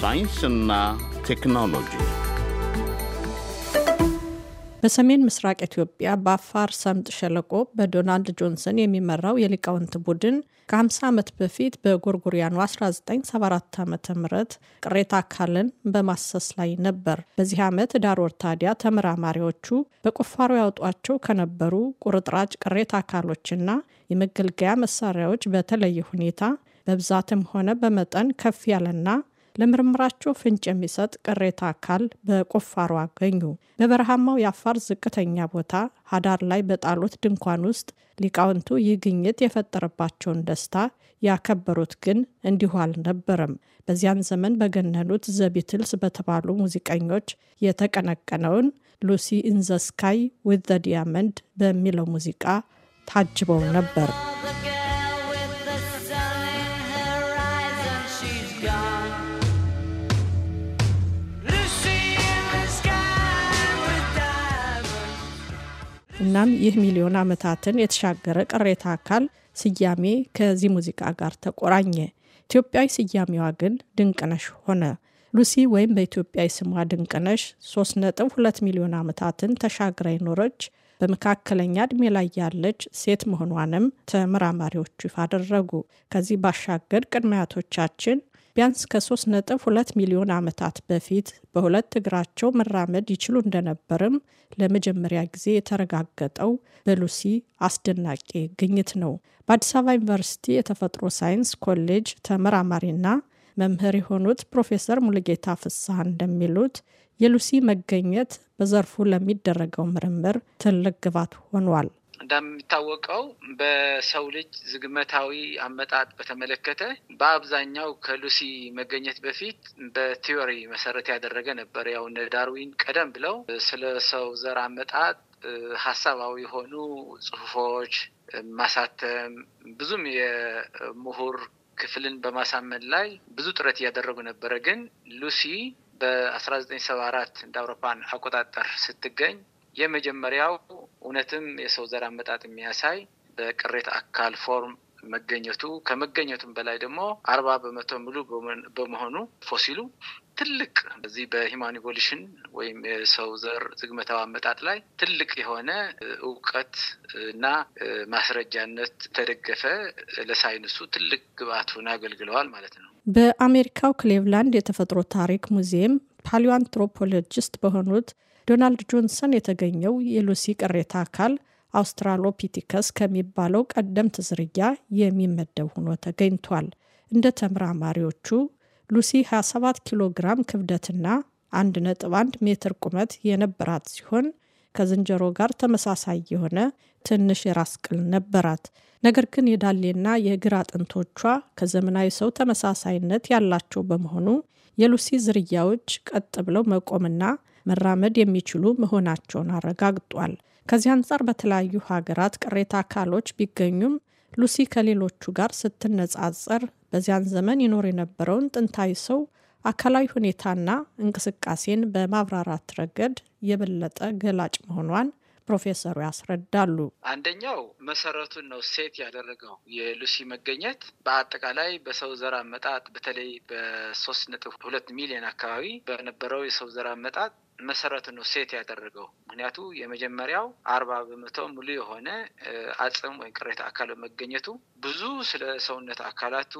ሳይንስና ቴክኖሎጂ በሰሜን ምስራቅ ኢትዮጵያ በአፋር ሰምጥ ሸለቆ በዶናልድ ጆንሰን የሚመራው የሊቃውንት ቡድን ከ50 ዓመት በፊት በጎርጎሪያኑ 1974 ዓ ም ቅሬታ አካልን በማሰስ ላይ ነበር። በዚህ ዓመት ዳር ወር ታዲያ ተመራማሪዎቹ በቁፋሮ ያውጧቸው ከነበሩ ቁርጥራጭ ቅሬታ አካሎችና የመገልገያ መሳሪያዎች በተለየ ሁኔታ በብዛትም ሆነ በመጠን ከፍ ያለና ለምርምራቸው ፍንጭ የሚሰጥ ቅሬታ አካል በቁፋሮ አገኙ። በበረሃማው የአፋር ዝቅተኛ ቦታ ሀዳር ላይ በጣሉት ድንኳን ውስጥ ሊቃውንቱ ይህ ግኝት የፈጠረባቸውን ደስታ ያከበሩት ግን እንዲሁ አልነበረም። በዚያን ዘመን በገነኑት ዘቢትልስ በተባሉ ሙዚቀኞች የተቀነቀነውን ሉሲ ኢንዘስካይ ዊዝ ዲያመንድ በሚለው ሙዚቃ ታጅበው ነበር። እናም ይህ ሚሊዮን ዓመታትን የተሻገረ ቅሬታ አካል ስያሜ ከዚህ ሙዚቃ ጋር ተቆራኘ። ኢትዮጵያዊ ስያሜዋ ግን ድንቅነሽ ሆነ። ሉሲ ወይም በኢትዮጵያ ስሟ ድንቅነሽ 3.2 ሚሊዮን ዓመታትን ተሻግራ የኖረች በመካከለኛ ዕድሜ ላይ ያለች ሴት መሆኗንም ተመራማሪዎቹ ይፋ አደረጉ። ከዚህ ባሻገር ቅድመ አያቶቻችን ቢያንስ ከ3 2 ሚሊዮን ዓመታት በፊት በሁለት እግራቸው መራመድ ይችሉ እንደነበርም ለመጀመሪያ ጊዜ የተረጋገጠው በሉሲ አስደናቂ ግኝት ነው። በአዲስ አበባ ዩኒቨርሲቲ የተፈጥሮ ሳይንስ ኮሌጅ ተመራማሪና መምህር የሆኑት ፕሮፌሰር ሙሉጌታ ፍስሐ እንደሚሉት የሉሲ መገኘት በዘርፉ ለሚደረገው ምርምር ትልቅ ግባት ሆኗል። እንደሚታወቀው በሰው ልጅ ዝግመታዊ አመጣጥ በተመለከተ በአብዛኛው ከሉሲ መገኘት በፊት በቲዮሪ መሰረት ያደረገ ነበር። ያው እነ ዳርዊን ቀደም ብለው ስለ ሰው ዘር አመጣጥ ሀሳባዊ የሆኑ ጽሁፎች ማሳተም ብዙም የምሁር ክፍልን በማሳመን ላይ ብዙ ጥረት እያደረጉ ነበረ። ግን ሉሲ በአስራ ዘጠኝ ሰባ አራት እንደ አውሮፓን አቆጣጠር ስትገኝ የመጀመሪያው እውነትም የሰው ዘር አመጣጥ የሚያሳይ በቅሬት አካል ፎርም መገኘቱ ከመገኘቱም በላይ ደግሞ አርባ በመቶ ሙሉ በመሆኑ ፎሲሉ ትልቅ በዚህ በሂማን ኢቮሉሽን ወይም የሰው ዘር ዝግመታዊ አመጣጥ ላይ ትልቅ የሆነ እውቀት እና ማስረጃነት ተደገፈ ለሳይንሱ ትልቅ ግብአቱን አገልግለዋል ማለት ነው። በአሜሪካው ክሌቭላንድ የተፈጥሮ ታሪክ ሙዚየም ፓሊዮአንትሮፖሎጂስት በሆኑት ዶናልድ ጆንሰን የተገኘው የሉሲ ቅሬታ አካል አውስትራሎፒቲከስ ከሚባለው ቀደምት ዝርያ የሚመደብ ሆኖ ተገኝቷል። እንደ ተመራማሪዎቹ ሉሲ 27 ኪሎ ግራም ክብደትና 1.1 ሜትር ቁመት የነበራት ሲሆን ከዝንጀሮ ጋር ተመሳሳይ የሆነ ትንሽ የራስ ቅል ነበራት። ነገር ግን የዳሌና የእግር አጥንቶቿ ከዘመናዊ ሰው ተመሳሳይነት ያላቸው በመሆኑ የሉሲ ዝርያዎች ቀጥ ብለው መቆምና መራመድ የሚችሉ መሆናቸውን አረጋግጧል። ከዚህ አንጻር በተለያዩ ሀገራት ቅሬታ አካሎች ቢገኙም ሉሲ ከሌሎቹ ጋር ስትነጻጸር በዚያን ዘመን ይኖር የነበረውን ጥንታዊ ሰው አካላዊ ሁኔታና እንቅስቃሴን በማብራራት ረገድ የበለጠ ገላጭ መሆኗን ፕሮፌሰሩ ያስረዳሉ። አንደኛው መሰረቱን ነው ሴት ያደረገው የሉሲ መገኘት በአጠቃላይ በሰው ዘር አመጣጥ በተለይ በሶስት ነጥብ ሁለት ሚሊዮን አካባቢ በነበረው የሰው ዘር አመጣጥ መሰረት ነው ሴት ያደረገው። ምክንያቱ የመጀመሪያው አርባ በመቶ ሙሉ የሆነ አጽም ወይም ቅሬታ አካል መገኘቱ ብዙ ስለ ሰውነት አካላቱ፣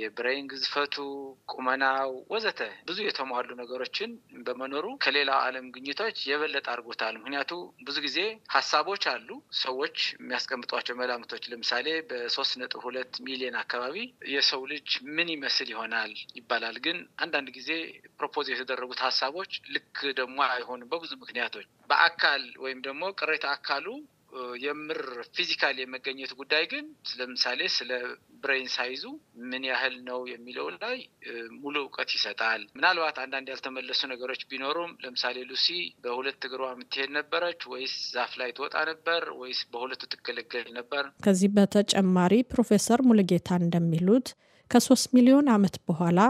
የብሬን ግዝፈቱ፣ ቁመናው ወዘተ ብዙ የተሟሉ ነገሮችን በመኖሩ ከሌላው ዓለም ግኝቶች የበለጠ አድርጎታል። ምክንያቱ ብዙ ጊዜ ሀሳቦች አሉ ሰዎች የሚያስቀምጧቸው መላምቶች፣ ለምሳሌ በሶስት ነጥብ ሁለት ሚሊዮን አካባቢ የሰው ልጅ ምን ይመስል ይሆናል ይባላል። ግን አንዳንድ ጊዜ ፕሮፖዝ የተደረጉት ሀሳቦች ልክ ደግሞ አይሆንም። በብዙ ምክንያቶች በአካል ወይም ደግሞ ቅሬታ አካሉ የምር ፊዚካል የመገኘት ጉዳይ ግን ለምሳሌ ስለ ብሬን ሳይዙ ምን ያህል ነው የሚለው ላይ ሙሉ እውቀት ይሰጣል። ምናልባት አንዳንድ ያልተመለሱ ነገሮች ቢኖሩም ለምሳሌ ሉሲ በሁለት እግሯ የምትሄድ ነበረች ወይስ ዛፍ ላይ ትወጣ ነበር ወይስ በሁለቱ ትገለገል ነበር? ከዚህ በተጨማሪ ፕሮፌሰር ሙልጌታ እንደሚሉት ከሶስት ሚሊዮን አመት በኋላ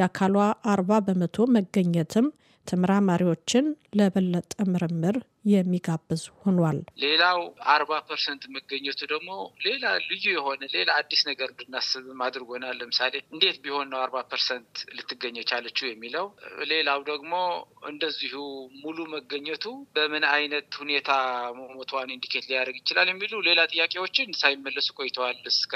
የአካሏ አርባ በመቶ መገኘትም ተመራማሪዎችን ለበለጠ ምርምር የሚጋብዝ ሆኗል። ሌላው አርባ ፐርሰንት መገኘቱ ደግሞ ሌላ ልዩ የሆነ ሌላ አዲስ ነገር እንድናስብም አድርጎናል። ለምሳሌ እንዴት ቢሆን ነው አርባ ፐርሰንት ልትገኘ ቻለችው የሚለው። ሌላው ደግሞ እንደዚሁ ሙሉ መገኘቱ በምን አይነት ሁኔታ መሞቷን ኢንዲኬት ሊያደርግ ይችላል የሚሉ ሌላ ጥያቄዎችን ሳይመለሱ ቆይተዋል እስከ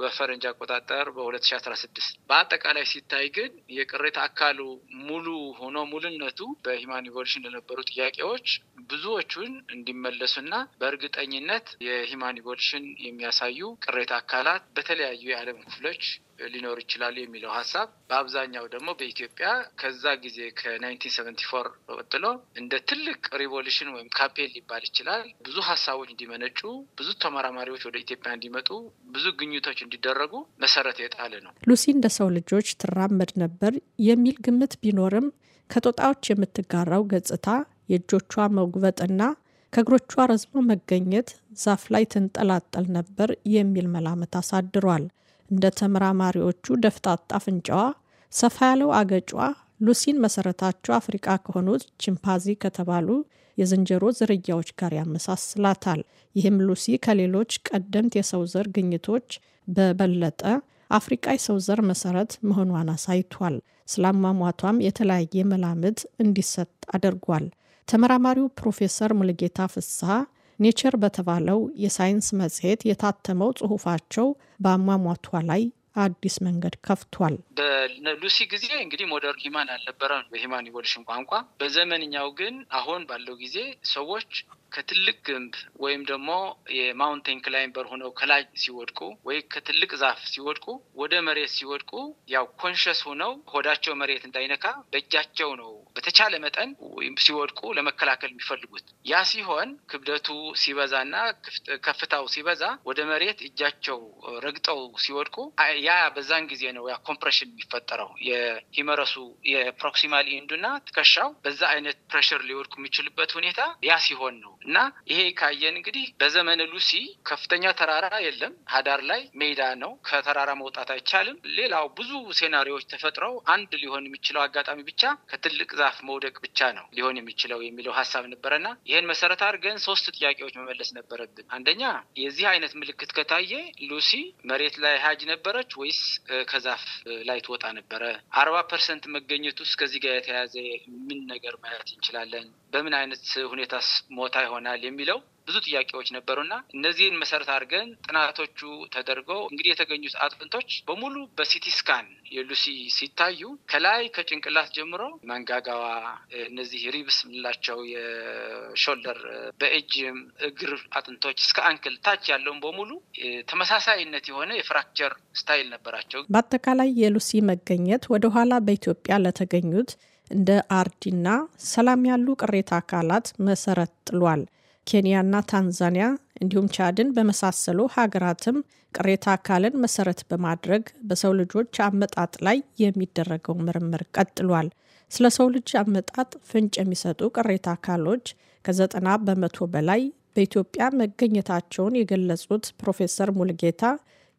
በፈረንጅ አቆጣጠር በ2016 በአጠቃላይ ሲታይ ግን የቅሬታ አካሉ ሙሉ ሆኖ ሙሉነቱ በሂማን ኢቮሉሽን ለነበሩ ጥያቄዎች ብዙዎቹን እንዲመለሱና በእርግጠኝነት የሂማን ኢቮሉሽን የሚያሳዩ ቅሬታ አካላት በተለያዩ የዓለም ክፍሎች ሊኖር ይችላሉ የሚለው ሀሳብ በአብዛኛው ደግሞ በኢትዮጵያ ከዛ ጊዜ ከ ሰቨንቲ ቀጥሎ እንደ ትልቅ ሪቮሉሽን ወይም ካፔል ሊባል ይችላል ብዙ ሀሳቦች እንዲመነጩ፣ ብዙ ተመራማሪዎች ወደ ኢትዮጵያ እንዲመጡ፣ ብዙ ግኝቶች እንዲደረጉ መሰረት የጣለ ነው። ሉሲ እንደ ሰው ልጆች ትራመድ ነበር የሚል ግምት ቢኖርም ከጦጣዎች የምትጋራው ገጽታ የእጆቿ መጉበጥና ከእግሮቿ ረዝሞ መገኘት ዛፍ ላይ ትንጠላጠል ነበር የሚል መላመት አሳድሯል። እንደ ተመራማሪዎቹ ደፍጣጣ አፍንጫዋ፣ ሰፋ ያለው አገጯ ሉሲን መሰረታቸው አፍሪቃ ከሆኑት ቺምፓንዚ ከተባሉ የዝንጀሮ ዝርያዎች ጋር ያመሳስላታል። ይህም ሉሲ ከሌሎች ቀደምት የሰው ዘር ግኝቶች በበለጠ አፍሪቃ የሰው ዘር መሰረት መሆኗን አሳይቷል። ስለ አሟሟቷም የተለያየ መላምት እንዲሰጥ አድርጓል። ተመራማሪው ፕሮፌሰር ሙልጌታ ፍስሐ ኔቸር በተባለው የሳይንስ መጽሔት የታተመው ጽሑፋቸው በአሟሟቷ ላይ አዲስ መንገድ ከፍቷል። በሉሲ ጊዜ እንግዲህ ሞደርን ሂማን አልነበረም በሂማን ኢቮሉሽን ቋንቋ። በዘመንኛው ግን አሁን ባለው ጊዜ ሰዎች ከትልቅ ግንብ ወይም ደግሞ የማውንቴን ክላይምበር ሆነው ከላይ ሲወድቁ ወይ ከትልቅ ዛፍ ሲወድቁ ወደ መሬት ሲወድቁ ያው ኮንሽስ ሆነው ሆዳቸው መሬት እንዳይነካ በእጃቸው ነው በተቻለ መጠን ሲወድቁ ለመከላከል የሚፈልጉት። ያ ሲሆን ክብደቱ ሲበዛና ከፍታው ሲበዛ ወደ መሬት እጃቸው ረግጠው ሲወድቁ ያ በዛን ጊዜ ነው ያ ኮምፕሬሽን የሚፈጠረው የሂመረሱ የፕሮክሲማል ኢንዱና ትከሻው በዛ አይነት ፕሬሽር ሊወድቅ የሚችልበት ሁኔታ ያ ሲሆን ነው እና ይሄ ካየን እንግዲህ በዘመነ ሉሲ ከፍተኛ ተራራ የለም፣ ሀዳር ላይ ሜዳ ነው። ከተራራ መውጣት አይቻልም። ሌላው ብዙ ሴናሪዎች ተፈጥረው አንድ ሊሆን የሚችለው አጋጣሚ ብቻ ከትልቅ ዛፍ መውደቅ ብቻ ነው ሊሆን የሚችለው የሚለው ሀሳብ ነበረና ይህን መሰረት አድርገን ሶስት ጥያቄዎች መመለስ ነበረብን። አንደኛ የዚህ አይነት ምልክት ከታየ ሉሲ መሬት ላይ ሀጅ ነበረች ወይስ ከዛፍ ላይ ትወጣ ነበረ? አርባ ፐርሰንት መገኘቱ እስከዚህ ጋር የተያያዘ ምን ነገር ማየት እንችላለን? በምን አይነት ሁኔታስ ሞታ ይሆናል የሚለው ብዙ ጥያቄዎች ነበሩና እነዚህን መሰረት አድርገን ጥናቶቹ ተደርገው እንግዲህ የተገኙት አጥንቶች በሙሉ በሲቲ ስካን የሉሲ ሲታዩ ከላይ ከጭንቅላት ጀምሮ መንጋጋዋ፣ እነዚህ ሪብስ የምንላቸው የሾልደር በእጅም እግር አጥንቶች እስከ አንክል ታች ያለውን በሙሉ ተመሳሳይነት የሆነ የፍራክቸር ስታይል ነበራቸው። በአጠቃላይ የሉሲ መገኘት ወደኋላ በኢትዮጵያ ለተገኙት እንደ አርዲና ሰላም ያሉ ቅሬታ አካላት መሰረት ጥሏል። ኬንያና ታንዛኒያ እንዲሁም ቻድን በመሳሰሉ ሀገራትም ቅሬታ አካልን መሰረት በማድረግ በሰው ልጆች አመጣጥ ላይ የሚደረገው ምርምር ቀጥሏል። ስለ ሰው ልጅ አመጣጥ ፍንጭ የሚሰጡ ቅሬታ አካሎች ከዘጠና በመቶ በላይ በኢትዮጵያ መገኘታቸውን የገለጹት ፕሮፌሰር ሙልጌታ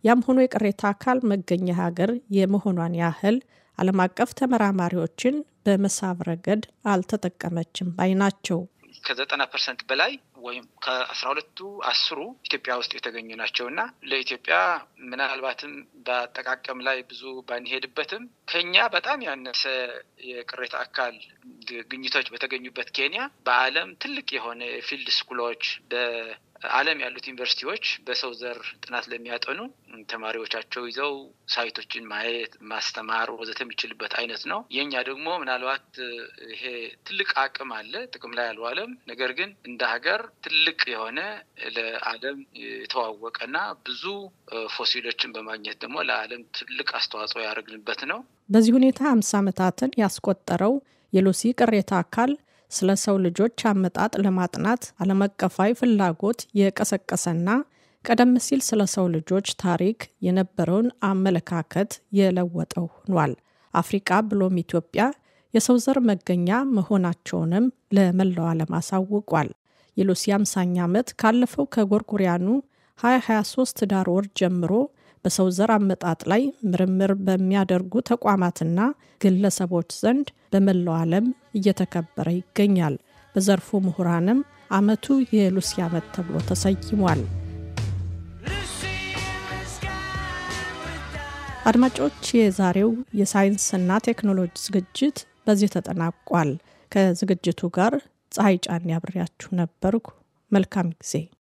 ያም ሆኖ የቅሬታ አካል መገኘ ሀገር የመሆኗን ያህል ዓለም አቀፍ ተመራማሪዎችን በመሳብ ረገድ አልተጠቀመችም ባይ ናቸው። ከዘጠና ፐርሰንት በላይ ወይም ከአስራ ሁለቱ አስሩ ኢትዮጵያ ውስጥ የተገኙ ናቸው እና ለኢትዮጵያ ምናልባትም በአጠቃቀም ላይ ብዙ ባንሄድበትም ከኛ በጣም ያነሰ የቅሬታ አካል ግኝቶች በተገኙበት ኬንያ በዓለም ትልቅ የሆነ የፊልድ ስኩሎች ዓለም ያሉት ዩኒቨርሲቲዎች በሰው ዘር ጥናት ለሚያጠኑ ተማሪዎቻቸው ይዘው ሳይቶችን ማየት፣ ማስተማር ወዘተ የሚችልበት አይነት ነው። የኛ ደግሞ ምናልባት ይሄ ትልቅ አቅም አለ ጥቅም ላይ አልዋለም። ነገር ግን እንደ ሀገር ትልቅ የሆነ ለዓለም የተዋወቀና ብዙ ፎሲሎችን በማግኘት ደግሞ ለዓለም ትልቅ አስተዋጽኦ ያደረግንበት ነው። በዚህ ሁኔታ አምሳ ዓመታትን ያስቆጠረው የሉሲ ቅሬታ አካል ስለ ሰው ልጆች አመጣጥ ለማጥናት ዓለም አቀፋዊ ፍላጎት የቀሰቀሰና ቀደም ሲል ስለ ሰው ልጆች ታሪክ የነበረውን አመለካከት የለወጠው ሆኗል። አፍሪቃ ብሎም ኢትዮጵያ የሰው ዘር መገኛ መሆናቸውንም ለመላው ዓለም አሳውቋል። የሉሲ አምሳኛ ዓመት ካለፈው ከጎርጎሪያኑ 2023 ዳር ወር ጀምሮ በሰው ዘር አመጣጥ ላይ ምርምር በሚያደርጉ ተቋማትና ግለሰቦች ዘንድ በመላው ዓለም እየተከበረ ይገኛል። በዘርፉ ምሁራንም ዓመቱ የሉሲ ዓመት ተብሎ ተሰይሟል። አድማጮች፣ የዛሬው የሳይንስና ቴክኖሎጂ ዝግጅት በዚህ ተጠናቋል። ከዝግጅቱ ጋር ፀሐይ ጫን ያብሬያችሁ ነበርኩ። መልካም ጊዜ